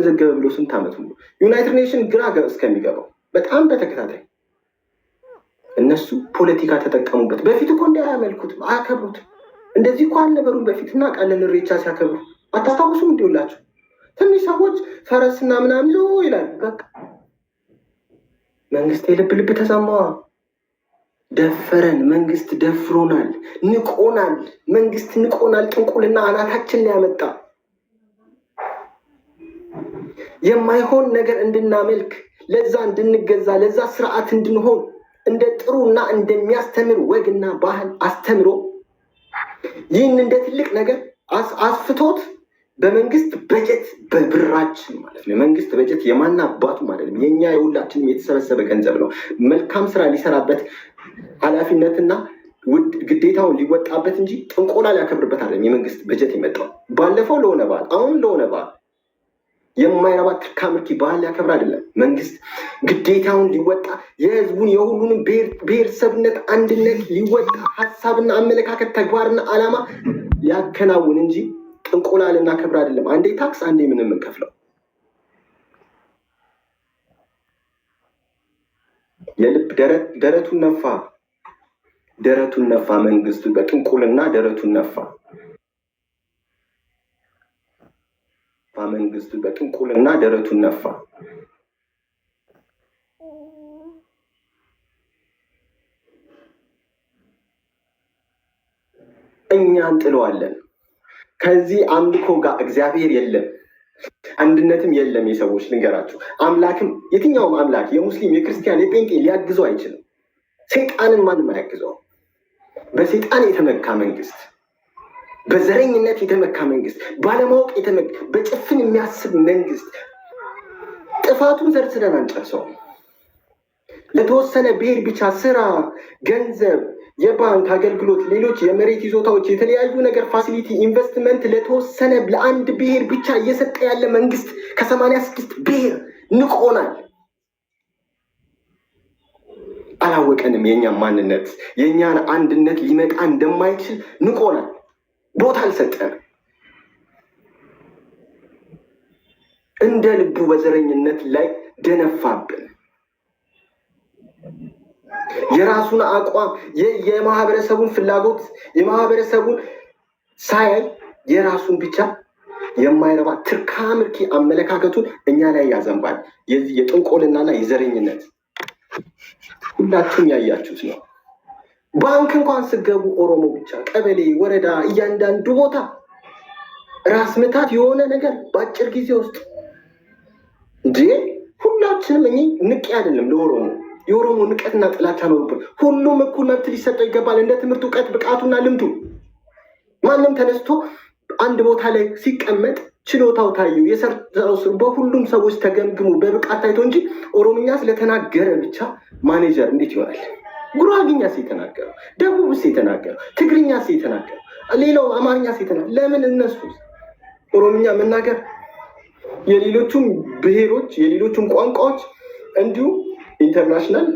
መዘገበ ብሎ ስንት ዓመት ሙሉ ዩናይትድ ኔሽን ግራ እስከሚገባው በጣም በተከታታይ እነሱ ፖለቲካ ተጠቀሙበት። በፊት እኮ እንዲ አያከብሩትም። እንደዚህ እኮ አልነበሩም በፊት እና ቃለን ሬቻ ሲያከብሩ አታስታውሱም? እንዲውላቸው ትንሽ ሰዎች ፈረስና ምናምን ይዞ ይላሉ። በቃ መንግስት የልብ ልብ ተሰማዋ። ደፈረን፣ መንግስት ደፍሮናል፣ ንቆናል። መንግስት ንቆናል። ጥንቁልና አናታችን ላይ ያመጣ የማይሆን ነገር እንድናመልክ፣ ለዛ እንድንገዛ፣ ለዛ ስርዓት እንድንሆን እንደ ጥሩና እንደሚያስተምር ወግና ባህል አስተምሮ ይህን እንደ ትልቅ ነገር አስፍቶት በመንግስት በጀት በብራችን ማለት ነው። የመንግስት በጀት የማን አባቱም አይደለም፣ የኛ የሁላችንም የተሰበሰበ ገንዘብ ነው። መልካም ስራ ሊሰራበት ኃላፊነትና ግዴታውን ሊወጣበት እንጂ ጥንቆላ ሊያከብርበት አይደለም። የመንግስት በጀት የመጣው ባለፈው ለሆነ በዓል፣ አሁን ለሆነ በዓል የማይረባ ትርካምርኪ ባህል ያከብር አይደለም። መንግስት ግዴታውን ሊወጣ የህዝቡን የሁሉንም ብሔረሰብነት አንድነት ሊወጣ ሀሳብና አመለካከት ተግባርና ዓላማ ሊያከናውን እንጂ ጥንቆላ ልናከብር አይደለም። አንዴ ታክስ አንዴ ምን የምንከፍለው የልብ ደረቱን ነፋ፣ ደረቱን ነፋ መንግስቱ በጥንቁልና ደረቱን ነፋ። መንግስቱ በጥንቁልና ደረቱን ነፋ። እኛ እንጥለዋለን። ከዚህ አምልኮ ጋር እግዚአብሔር የለም፣ አንድነትም የለም። የሰዎች ልንገራችሁ፣ አምላክም የትኛውም አምላክ የሙስሊም፣ የክርስቲያን፣ የጴንጤ ሊያግዘው አይችልም። ሰይጣንን ማንም አያግዘው። በሰይጣን የተመካ መንግስት በዘረኝነት የተመካ መንግስት፣ ባለማወቅ የተመካ በጭፍን የሚያስብ መንግስት። ጥፋቱን ዘርዝረን አንጨርሰው። ለተወሰነ ብሔር ብቻ ስራ፣ ገንዘብ፣ የባንክ አገልግሎት፣ ሌሎች የመሬት ይዞታዎች፣ የተለያዩ ነገር ፋሲሊቲ፣ ኢንቨስትመንት ለተወሰነ ለአንድ ብሔር ብቻ እየሰጠ ያለ መንግስት ከሰማንያ ስድስት ብሔር ንቆናል። አላወቀንም። የእኛን ማንነት የእኛን አንድነት ሊመጣ እንደማይችል ንቆናል። ቦታ አልሰጠንም። እንደ ልቡ በዘረኝነት ላይ ደነፋብን። የራሱን አቋም የማህበረሰቡን ፍላጎት የማህበረሰቡን ሳያይ የራሱን ብቻ የማይረባ ትርካምርኪ አመለካከቱን እኛ ላይ ያዘንባል። የዚህ የጥንቆልናና የዘረኝነት ሁላችሁም ያያችሁት ነው። ባንክ እንኳን ስገቡ ኦሮሞ ብቻ፣ ቀበሌ፣ ወረዳ፣ እያንዳንዱ ቦታ ራስ ምታት የሆነ ነገር በአጭር ጊዜ ውስጥ እንዴ ሁላችንም እ ንቄ አይደለም ለኦሮሞ የኦሮሞ ንቀትና ጥላቻ ኖሩብን። ሁሉም እኩል መብት ሊሰጠው ይገባል፣ እንደ ትምህርት እውቀት፣ ብቃቱና ልምዱ። ማንም ተነስቶ አንድ ቦታ ላይ ሲቀመጥ ችሎታው ታየው የሰራው ስሩ በሁሉም ሰዎች ተገምግሙ በብቃት ታይቶ እንጂ ኦሮምኛ ስለተናገረ ብቻ ማኔጀር እንዴት ይሆናል? ጉራግኛስ የተናገረው ደቡብስ የተናገረው ትግርኛስ የተናገረው ሌላው አማርኛስ የተናገረው ለምን እነሱ ኦሮምኛ መናገር የሌሎቹም ብሔሮች የሌሎቹም ቋንቋዎች እንዲሁም ኢንተርናሽናል